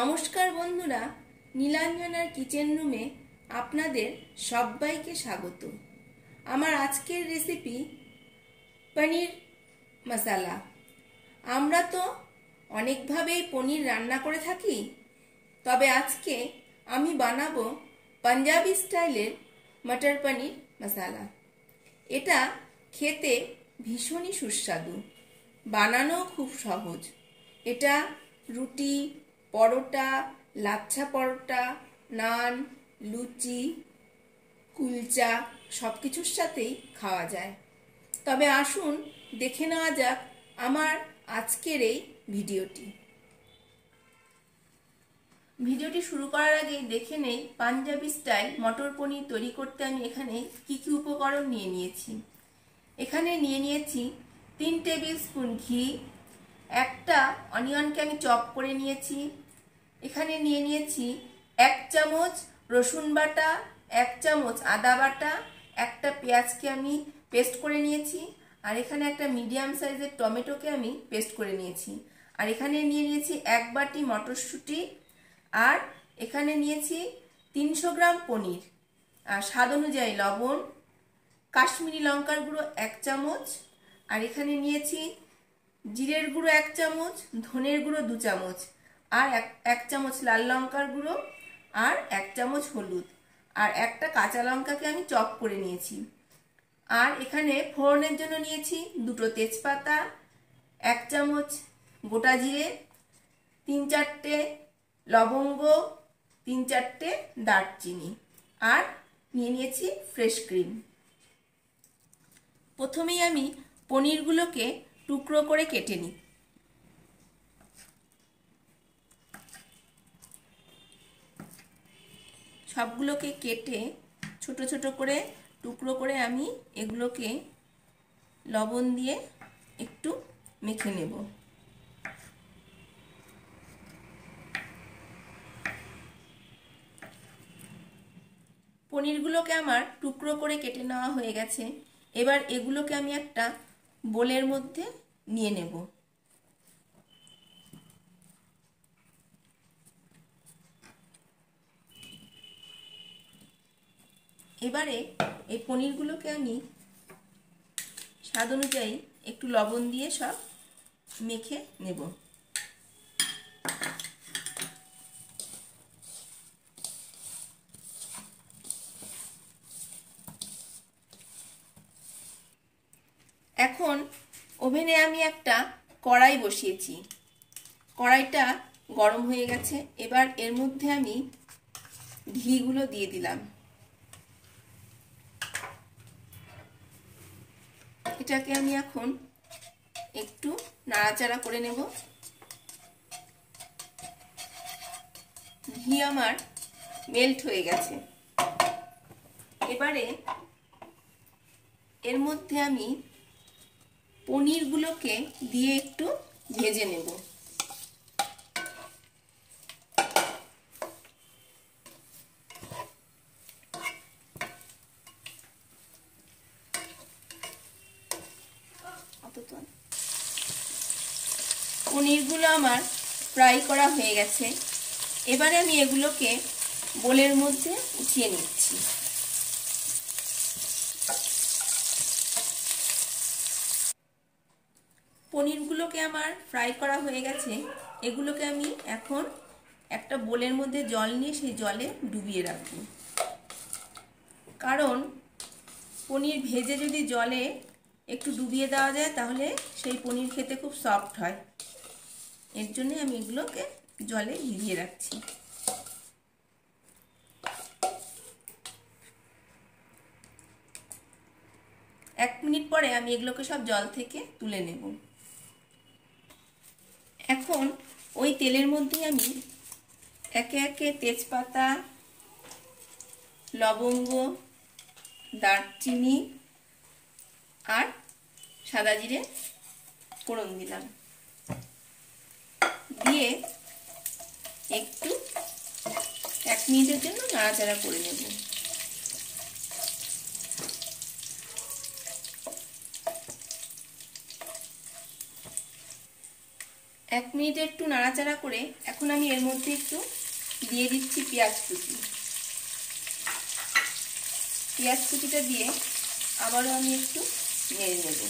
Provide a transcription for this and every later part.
নমস্কার বন্ধুরা নীলাঞ্জনার কিচেন রুমে আপনাদের সবাইকে স্বাগত আমার আজকের রেসিপি পনির মশালা আমরা তো অনেকভাবেই পনির রান্না করে থাকি তবে আজকে আমি বানাবো পাঞ্জাবি স্টাইলের মটর পনির মশালা এটা খেতে ভীষণই সুস্বাদু বানানো খুব সহজ এটা রুটি পরোটা লাচ্ছা পরোটা নান লুচি কুলচা সব কিছুর সাথেই খাওয়া যায় তবে আসুন দেখে নেওয়া যাক আমার আজকের এই ভিডিওটি ভিডিওটি শুরু করার আগে দেখে নেই পাঞ্জাবি স্টাইল মটর পনির তৈরি করতে আমি এখানে কি কি উপকরণ নিয়ে নিয়েছি এখানে নিয়ে নিয়েছি তিন টেবিল স্পুন ঘি একটা অনিয়নকে আমি চপ করে নিয়েছি এখানে নিয়ে নিয়েছি এক চামচ রসুন বাটা এক চামচ আদা বাটা একটা পেঁয়াজকে আমি পেস্ট করে নিয়েছি আর এখানে একটা মিডিয়াম সাইজের টমেটোকে আমি পেস্ট করে নিয়েছি আর এখানে নিয়ে নিয়েছি এক বাটি মটরশুঁটি আর এখানে নিয়েছি তিনশো গ্রাম পনির আর স্বাদ অনুযায়ী লবণ কাশ্মীরি লঙ্কার গুঁড়ো এক চামচ আর এখানে নিয়েছি জিরের গুঁড়ো এক চামচ ধনের গুঁড়ো দু চামচ আর এক চামচ লাল লঙ্কার গুঁড়ো আর এক চামচ হলুদ আর একটা কাঁচা লঙ্কাকে আমি চপ করে নিয়েছি আর এখানে ফোড়নের জন্য নিয়েছি দুটো তেজপাতা এক চামচ গোটা জিরে তিন চারটে লবঙ্গ তিন চারটে দারচিনি আর নিয়ে নিয়েছি ফ্রেশ ক্রিম প্রথমেই আমি পনিরগুলোকে টুকরো করে কেটে নিই সবগুলোকে কেটে ছোট ছোট করে টুকরো করে আমি এগুলোকে লবণ দিয়ে একটু মেখে নেব পনিরগুলোকে আমার টুকরো করে কেটে নেওয়া হয়ে গেছে এবার এগুলোকে আমি একটা বোলের মধ্যে নিয়ে নেব এবারে এই পনিরগুলোকে আমি স্বাদ অনুযায়ী একটু লবণ দিয়ে সব মেখে নেব এখন ওভেনে আমি একটা কড়াই বসিয়েছি কড়াইটা গরম হয়ে গেছে এবার এর মধ্যে আমি ঘিগুলো দিয়ে দিলাম পাখিটাকে আমি এখন একটু নাড়াচাড়া করে নেব ঘি আমার মেল্ট হয়ে গেছে এবারে এর মধ্যে আমি পনিরগুলোকে দিয়ে একটু ভেজে নেবো আমার ফ্রাই করা হয়ে গেছে এবারে আমি এগুলোকে বোলের মধ্যে উঠিয়ে নিচ্ছি পনিরগুলোকে আমার ফ্রাই করা হয়ে গেছে এগুলোকে আমি এখন একটা বোলের মধ্যে জল নিয়ে সেই জলে ডুবিয়ে রাখবো কারণ পনির ভেজে যদি জলে একটু ডুবিয়ে দেওয়া যায় তাহলে সেই পনির খেতে খুব সফট হয় এর জন্যে আমি এগুলোকে জলে ভিজিয়ে রাখছি এক মিনিট পরে আমি এগুলোকে সব জল থেকে তুলে নেব এখন ওই তেলের মধ্যে আমি একে একে তেজপাতা লবঙ্গ দারচিনি আর সাদা জিরে ফোড়ন দিলাম দিয়ে একটু এক মিনিটের জন্য নাড়াচাড়া করে নেব এক মিনিটে একটু নাড়াচাড়া করে এখন আমি এর মধ্যে একটু দিয়ে দিচ্ছি পেঁয়াজ কুচি পেঁয়াজ কুচিটা দিয়ে আবারও আমি একটু নেড়ে নেবো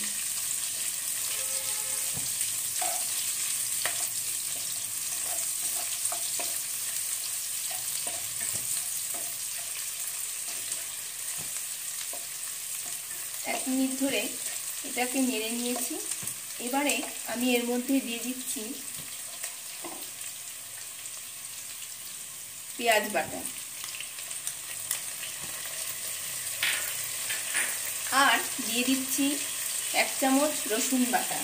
মিনিট ধরে এটাকে নেড়ে নিয়েছি এবারে আমি এর মধ্যে দিয়ে দিচ্ছি পেঁয়াজ বাটা আর দিয়ে দিচ্ছি এক চামচ রসুন বাটা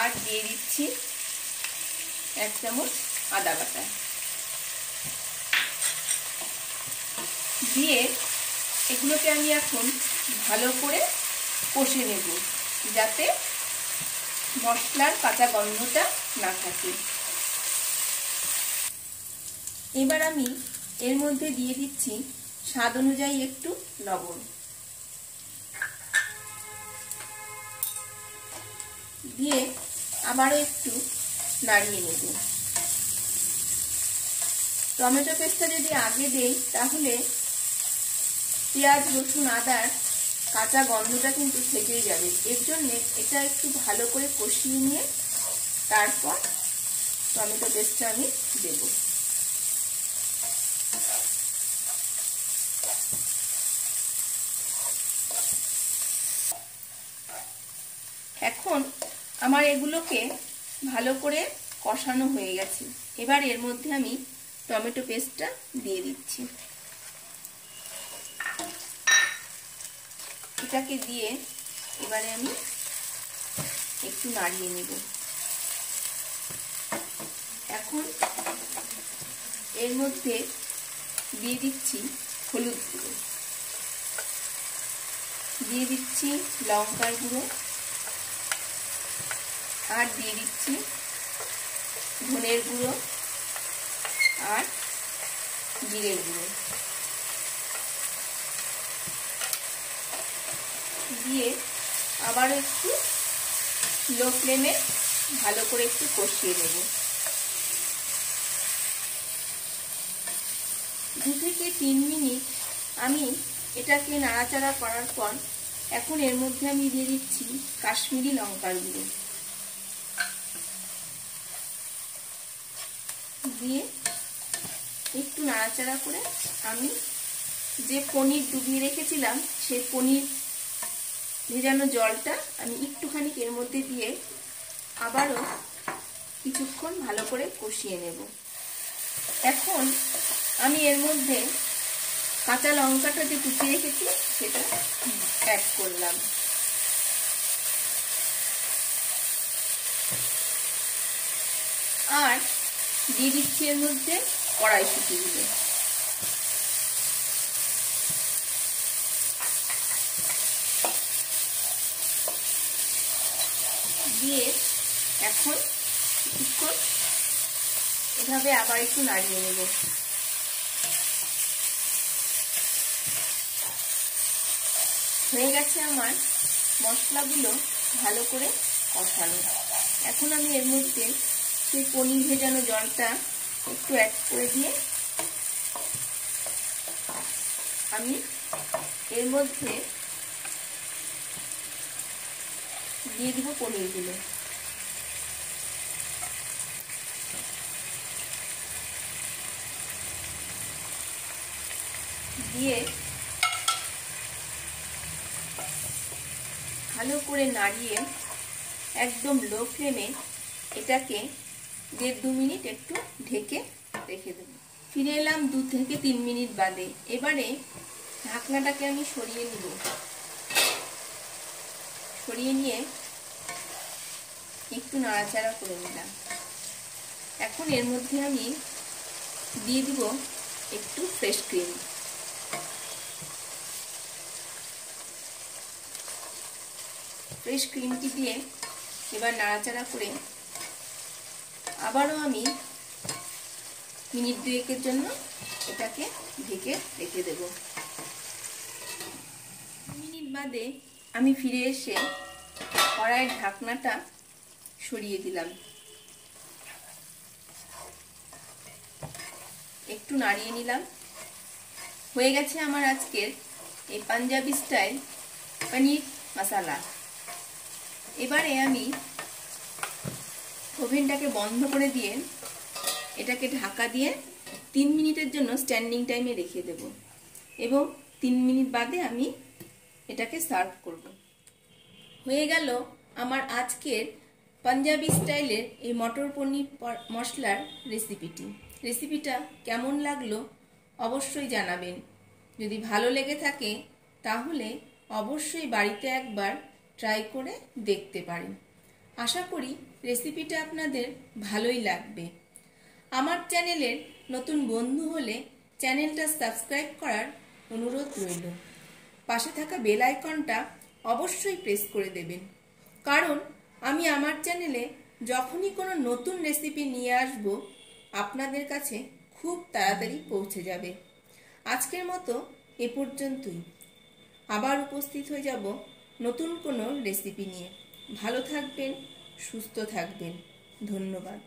আর দিয়ে দিচ্ছি এক চামচ আদা বাটা দিয়ে এগুলোকে আমি এখন ভালো করে কষে নেব যাতে মশলার কাঁচা গন্ধটা না থাকে এবার আমি এর মধ্যে দিয়ে দিচ্ছি স্বাদ অনুযায়ী একটু লবণ দিয়ে আবারও একটু নাড়িয়ে নেব টমেটো পেস্টটা যদি আগে দেই তাহলে পেঁয়াজ রসুন আদার কাঁচা গন্ধটা কিন্তু থেকেই যাবে এর জন্য এটা একটু ভালো করে কষিয়ে নিয়ে তারপর টমেটো পেস্টটা আমি দেব এখন আমার এগুলোকে ভালো করে কষানো হয়ে গেছে এবার এর মধ্যে আমি টমেটো পেস্টটা দিয়ে দিচ্ছি এটাকে দিয়ে এবারে আমি একটু নাড়িয়ে নেব এখন এর মধ্যে দিয়ে দিচ্ছি হলুদ গুঁড়ো দিয়ে দিচ্ছি লঙ্কার গুঁড়ো আর দিয়ে দিচ্ছি ধনের গুঁড়ো আর জিরের গুঁড়ো দিয়ে আবার একটু লো ফ্লেমে ভালো করে একটু কষিয়ে নেব দু থেকে তিন মিনিট আমি এটাকে নাড়াচাড়া করার পর এখন এর মধ্যে আমি দিয়ে দিচ্ছি কাশ্মীরি লঙ্কার গুঁড়ো দিয়ে একটু নাড়াচাড়া করে আমি যে পনির ডুবিয়ে রেখেছিলাম সেই পনির ভেজানো জলটা আমি একটুখানি এর মধ্যে দিয়ে আবারও কিছুক্ষণ ভালো করে কষিয়ে নেব এখন আমি এর মধ্যে কাঁচা লঙ্কাটা যে কুচিয়ে রেখেছি সেটা অ্যাড করলাম আর দিয়ে দিচ্ছি এর মধ্যে দিয়ে দিয়ে এখন কিছুক্ষণ এভাবে আবার একটু নাড়িয়ে নেব হয়ে গেছে আমার মশলাগুলো ভালো করে কষানো এখন আমি এর মধ্যে সেই পনির ভেজানো জলটা একটু অ্যাড করে দিয়ে আমি এর মধ্যে দিয়ে দিব কিলো দিয়ে ভালো করে নাড়িয়ে একদম লো ফ্লেমে এটাকে দেড় দু মিনিট একটু ঢেকে রেখে দেব ফিরে এলাম দু থেকে তিন মিনিট বাদে এবারে ঢাকনাটাকে আমি সরিয়ে নিব সরিয়ে নিয়ে একটু নাড়াচাড়া করে নিলাম এখন এর মধ্যে আমি দিয়ে দিব একটু ফ্রেশ ক্রিম ফ্রেশ ক্রিমটি দিয়ে এবার নাড়াচাড়া করে আবারও আমি মিনিট দুয়েকের জন্য এটাকে ঢেকে রেখে দেব মিনিট বাদে আমি ফিরে এসে কড়াইয়ের ঢাকনাটা সরিয়ে দিলাম একটু নাড়িয়ে নিলাম হয়ে গেছে আমার আজকের এই পাঞ্জাবি স্টাইল পনির মশালা এবারে আমি ওভেনটাকে বন্ধ করে দিয়ে এটাকে ঢাকা দিয়ে তিন মিনিটের জন্য স্ট্যান্ডিং টাইমে রেখে দেব এবং তিন মিনিট বাদে আমি এটাকে সার্ভ করব হয়ে গেল আমার আজকের পাঞ্জাবি স্টাইলের এই মটর পনির মশলার রেসিপিটি রেসিপিটা কেমন লাগলো অবশ্যই জানাবেন যদি ভালো লেগে থাকে তাহলে অবশ্যই বাড়িতে একবার ট্রাই করে দেখতে পারেন আশা করি রেসিপিটা আপনাদের ভালোই লাগবে আমার চ্যানেলের নতুন বন্ধু হলে চ্যানেলটা সাবস্ক্রাইব করার অনুরোধ রইল পাশে থাকা বেল আইকনটা অবশ্যই প্রেস করে দেবেন কারণ আমি আমার চ্যানেলে যখনই কোনো নতুন রেসিপি নিয়ে আসব আপনাদের কাছে খুব তাড়াতাড়ি পৌঁছে যাবে আজকের মতো এ পর্যন্তই আবার উপস্থিত হয়ে যাব নতুন কোনো রেসিপি নিয়ে ভালো থাকবেন সুস্থ থাকবেন ধন্যবাদ